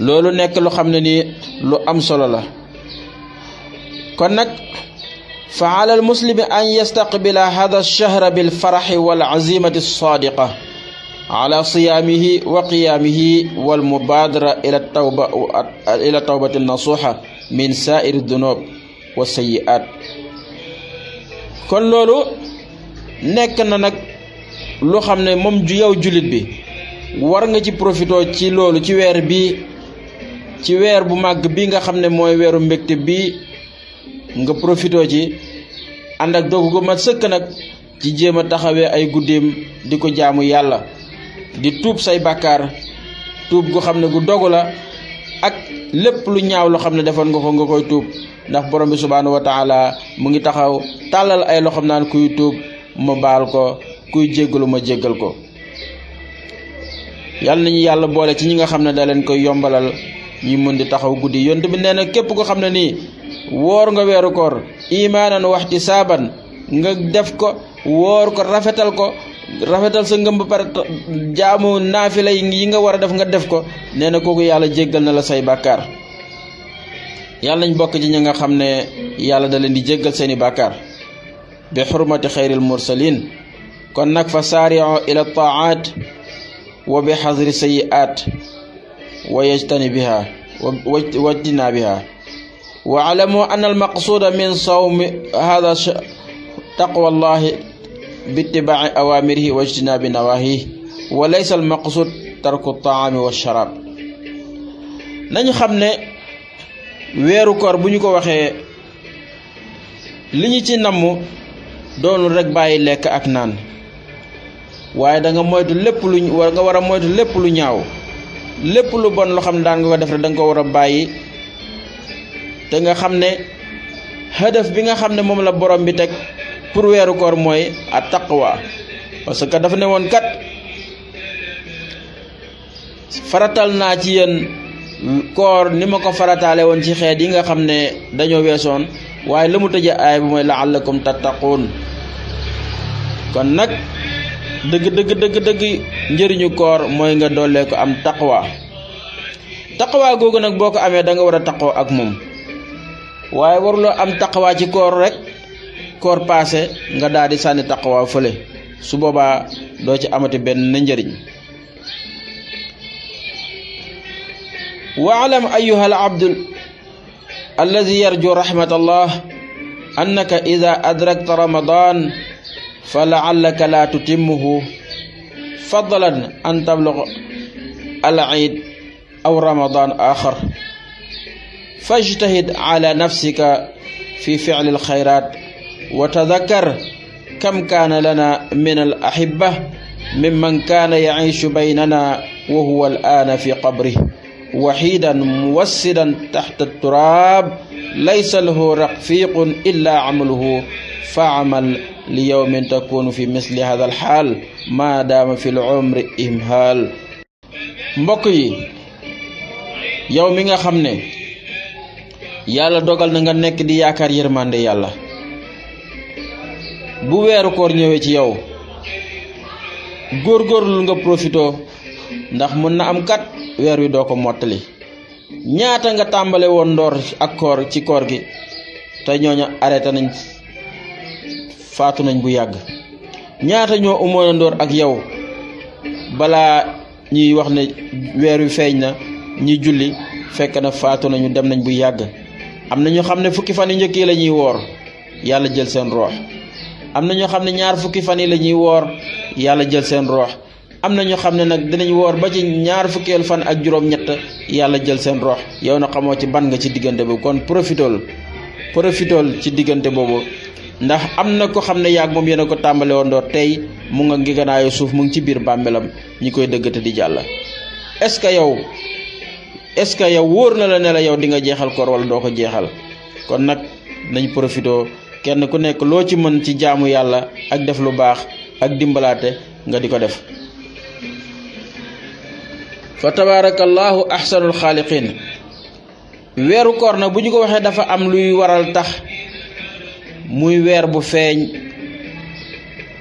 loolu nekk lu xam ne ni lu am solo la kon nag fa ala al muslimi an yastaqbila hada alchahra bilfaraxi walazimati alsaadiqa ala siyaamihi wa qiyaamihi walmubaadara ila tawba ila tawbati nasuuxa min saairi dunub wa sayi'aat kon loolu nekk na nag lu xam ne moom yow jullit bi war ci profitoo ci loolu ci weer bi ci wèr bu mag bi nga xamné moy wèru mbékté bi nga profito ci and ak dogu ko mat sëkk nak ci jema taxawé ay guddem di ko jaamu yalla di tuub say bakar tuub go xamné gu dogu la ak lepp lu ñaaw lo xamné defon nga ko nga koy tuub ndax borom bi subhanahu wa taala mu ngi taxaw talal ay lo xamnaan kuy tuub ma baal ko kuy jéggalu ma jéggal ko yalla nañu yalla boole ci ñi nga xam da leen koy yombalal yi mën di taxaw guddi yont bi nee na képp ko xam ne nii woor nga weeru koor imaanan ci saaban nga def ko woor ko rafetal ko rafetal sa ngëm ba pare jaamu naafila yi nga war a def nga def ko nee na kooku yàlla jéggal na la say bàkkaar yàlla nañ bokk ci ñi nga xam ne yàlla da leen di jéggal seeni bàkkaar bi xurmati xayril mursalin kon nag fa saariu ila taat wa bi xasri sayiat ويجتني بها واجتنا بها واعلموا ان المقصود من صوم هذا تقوى الله باتباع اوامره واجتناب نواهيه وليس المقصود ترك الطعام والشراب نحن خامني ويرو كور بو واخي لي نيتي نامو دون رك باي ليك اك نان waye da nga moytu lepp lu war nga lepp lu bon lo xam ne daan nga ko def rek da nga ko wara bayyi te nga xam ne hadaf bi nga xam ne moom la borom bi teg pour weeru koor mooy a taqwa parce que dafa ne woon kat faratal naa ci yéen koor ni ma ko farataale woon ci xeet yi nga xam ne dañoo weesoon waaye la mu tëjee aay bi mooy tattaquun kon nag dëgg dëgg dëgg dëgg njëriñu koor mooy nga doolee ko am taqwa taqwa googu nag boo ko amee da nga war a ak am taqwa ci koor rek koor paase nga daal di sànni taqwa fële su boobaa doo ci amati ben njëriñ waalam ayuha al abdul alladi yarju rahmatallah annaka ida adrakta ramadan فلعلك لا تتمه فضلا أن تبلغ العيد أو رمضان آخر فاجتهد على نفسك في فعل الخيرات وتذكر كم كان لنا من الأحبة ممن كان يعيش بيننا وهو الآن في قبره وحيدا موسدا تحت التراب ليس له رفيق إلا عمله فاعمل ليوم تكون misli مثل هذا الحال ما دام في العمر إمهال مبقي يوم nga xamne yalla dogal na nga nek di yaakar yermande yalla buwe wéru koor ñëwé ci yow gor gorlu profito ndax muna amkat am kat wér wi doko motali ñaata nga tambalé won ci arrêté nañ faatu nañu bu yàgg ñaata ñoo umoon ndoor ak yow balaa ñuy wax ne weer wi feeñ na ñi julli fekk na faatu nañu dem nañ bu yàgg am na ñoo xam ne fukki fan yu njëkk yi la ñuy woor yàlla jël seen roox am na ñoo xam ne ñaar fukki fan yi la ñuy woor yàlla jël seen roox am na ñoo xam ne nag dinañ woor ba ci ñaar fukkeel fan ak juróom-ñett yàlla jël seen roox yow na xamoo ci ban nga ci diggante boobu kon profitool profitool ci diggante boobu ndax amna ko xamne ne mom yena ko tambale won do tay mu nga yo suuf mu ngi ci lana bambelam ñi koy dëggate di jalla est ce yow est ce yow wóor na la ne la yow di nga jeexal kor wala do ko jeexal kon nak nañ profito kenn ku nek lo ci mën ci jaamu yalla ak def lu bax ak dimbalate nga diko def fa tabarakallahu ahsanul khaliqin kor na ko waxe dafa am luy waral tax muy weer bu feeñ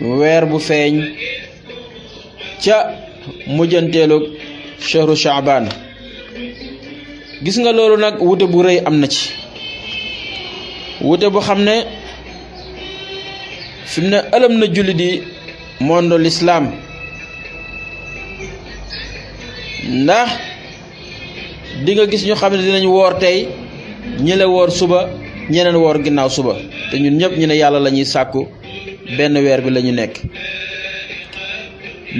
weer bu feeñ ca mujjanteelu shahru shaaban gis nga loolu nag wute bu rëy am na ci wute bu xam ne fi mu ne ëlëm na jullit yi mondo lislaam ndax di nga gis ñu xam ne dinañ woor tey ñi suba ñeneen woor ginnaaw suba te ñun ñep ñu ne yalla la sakku sàkku benn weer bi lañu nekk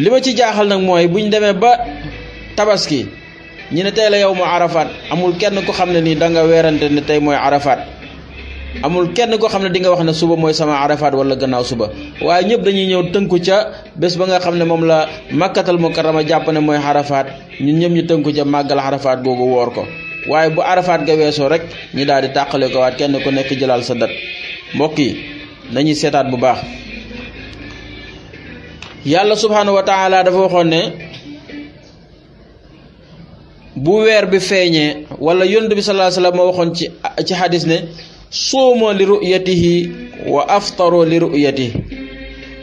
lima ci jaaxal nak moy buñ démé ba tabaski ñu ne tey la mu arafat amul kenn ko xamne ni da nga weerante ni tay moy arafat amul kenn ko xamne di nga wax ne suba moy sama arafat wala gannaaw suba waye ñep dañuy ñew tënku ca bes ba nga xamne mom la makkatul mukarrama japp ne moy arafat ñun ñep ñu tënku ca magal arafat gogo wor ko waye bu arafat ga weso rek ñu daal di tàqale ko waat kenn ku nekk jëlal sa dat mbokk yi nañuy seetaan bu baax yàlla subhaanahu wa dafa waxoon ne bu weer bi feeñee wala yonent bi sallallahu alayhi waxoon ci ci xadis ne suumo li ru'yatihi wa aftaro li ru'yatihi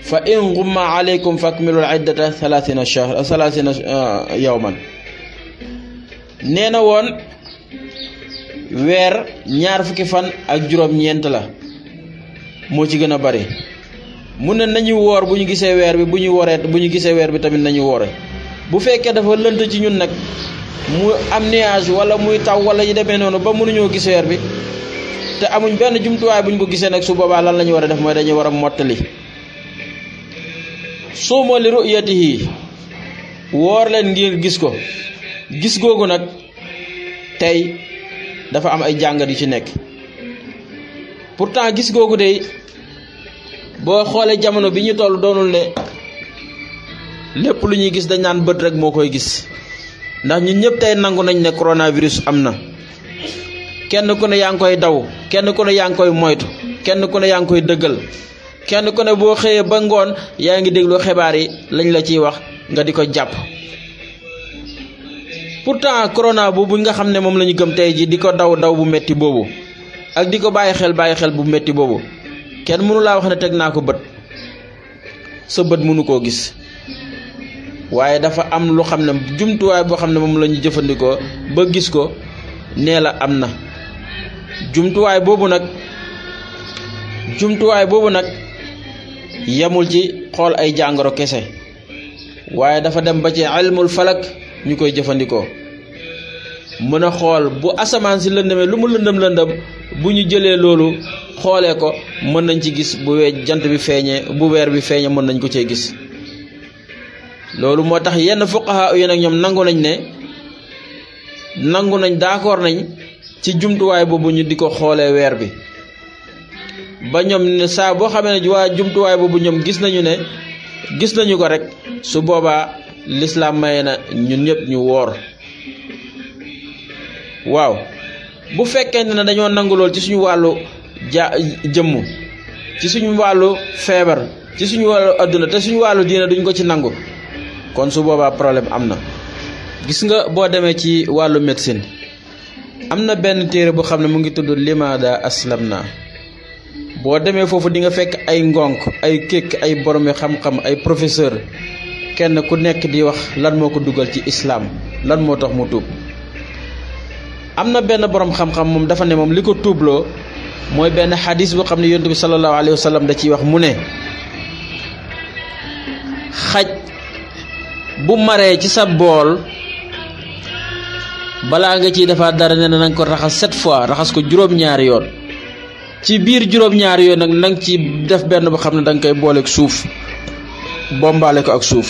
fa in gumma aleykum fakmilul iddata thalathina shahr thalathina uh, yawman nee na woon weer ñaar fukki fan ak juróom-ñeent la moo ci gën a bari mu na nañu woor bu ñu gisee weer bi bu ñu woree bu ñu gisee weer bi tamit nañu woore bu fekkee dafa lënt ci ñun nag mu am nuage wala muy taw wala yu demee noonu ba mënuñoo gis weer bi te amuñ benn jumtuwaay bu ñu ko gisee nag su boobaa lan la ñu war a def mooy dañuy war a mottali suumu li ru'yatihi woor leen ngir gis ko gis googu nag tey dafa am ay jàngat yu ci nekk pourtant gis googu dey boo xoolee jamono bi ñu toll doonul ne lépp lu ñuy gis dañ naan bët rek moo koy gis ndax ñun ñëpp tey nangu nañ ne korona coronavirus am na kenn ku ne yaa ngi koy daw kenn ku ne yaa ngi koy moytu kenn ku ne yaa ngi koy dëggal kenn ku ne boo xëyee ba ngoon yaa ngi déglu xibaar yi lañ la ciy wax nga di ko jàpp pourtant corona boobu nga xam ne moom la ñu gëm tey ji di ko daw daw bu metti boobu ak di ko bàyyi xel bàyyi xel bu metti boobu kenn mënu la wax ne teg naa ko bët sa bët mënu koo gis waaye dafa am lu xam ne jumtuwaay boo xam ne moom la jëfandikoo ba gis ko nee la am na jumtuwaay boobu nag jumtuwaay boobu nag yamul ci xool ay jàngoro kese waaye dafa dem ba ci ilmul falak ñu koy jëfandikoo mën a xool bu asamaan si lëndëmee lu mu lëndëm lëndëm bu ñu jëlee loolu xoolee ko mën nañ ci gis bu jant bi feeñee bu weer bi feeñee mën nañ ko cee gis loolu moo tax yenn fuqaha yi nag ñoom nangu nañ ne nangu nañ d'accord nañ ci jumtuwaay boobu ñu di ko xoolee weer bi ba ñoom ne saa boo xamee ne waa jumtuwaay boobu ñoom gis nañu ne gis nañu ko rek su boobaa lislaam maye na ñun ñépp ñu woor waaw bu fekkente ne dañoo nangu lool ci suñu wàllu ja ci suñu walu fever ci suñu walu aduna te suñu walu diina duñ ko ci nangu kon su boba problème amna gis nga bo démé ci walu médecine amna na benn téere bu xamné mu ngi tuddu limada aslamna bo démé fofu di nga fekk ay ngonk ay kek ay boromi xam-xam ay professeur kenn ku nekk di wax lan moko duggal ci islam lan mo tax mu tuub amna borom xam-xam mom dafa né mom liko tublo moy ben hadith bo xam yunus sallallahu alaihi wasallam wa da ci wax mu xaj bu maré ci sa bol bala nga ci defa dara ne nang ko raxas sept fois raxas ko juróom ñaar yoon ci suf. juróom ñaar yoon nak nang ci def ben bo dang bolé ak souf bombalé ko ak souf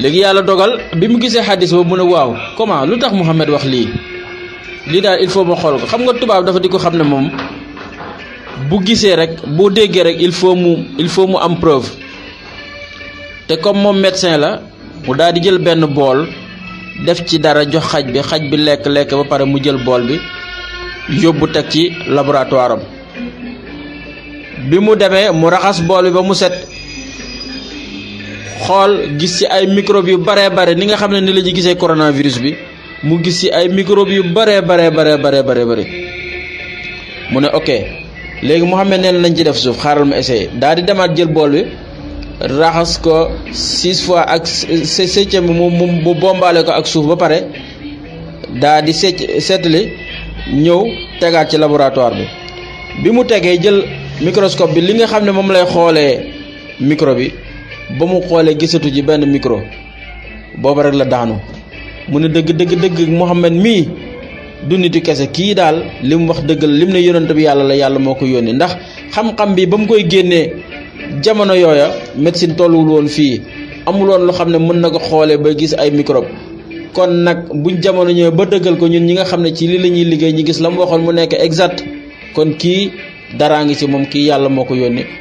legi yalla dogal bimu gisé hadith bo ba waw comment lutax Muhammad wax li lii daal il faut ma xool ko xam nga tubaab dafa di ko xam ne moom bu gisee rek boo déggee rek il faut mu il mu am preuve te comme moom médecin la mu daal di jël benn bool def ci dara jox xaj bi xaj bi lekk lekk ba pare mu jël bool bi yóbbu teg ci laboratoire am bi mu demee mu raxas bool bi ba mu set xool gis ci ay microbe yu baree bare ni nga xam ne ni la ñu gisee coronavirus bi mu gis ci ay microbe yu bare bare bare bare bare bëri mu ne ok léegi Mouhamed neen lañ ci def suuf xaaral ma essayé daal di demaat jël bool bi raxas ko six fois ak septième bi mu mu mu bombaale ko ak suuf ba pare daa di set seetli ñëw tegaat ci laboratoire bi bi mu tegee jël microscope bi li nga xam ne moom lay xoolee micro bi ba mu xoolee gisatu ci benn micro boobu rek la daanu mu ne dëgg dëgg dëgg Muhammad mii du nitu kese kii daal li mu wax dëgg la lim ne yonent bi yàlla la yàlla moo ko yónni ndax xam-xam bi ba mu koy génnee jamono yooya médecine tolluwul woon fii amuloon loo xam ne mën na ko xoolee ba gis ay microbe kon nag buñ jamono ñëwee ba dëggal ko ñun ñi nga xam ne ci li la ñuy liggéey ñu gis la mu waxoon mu nekk exact kon kii daraa ngi ci moom kii yàlla moo ko yónni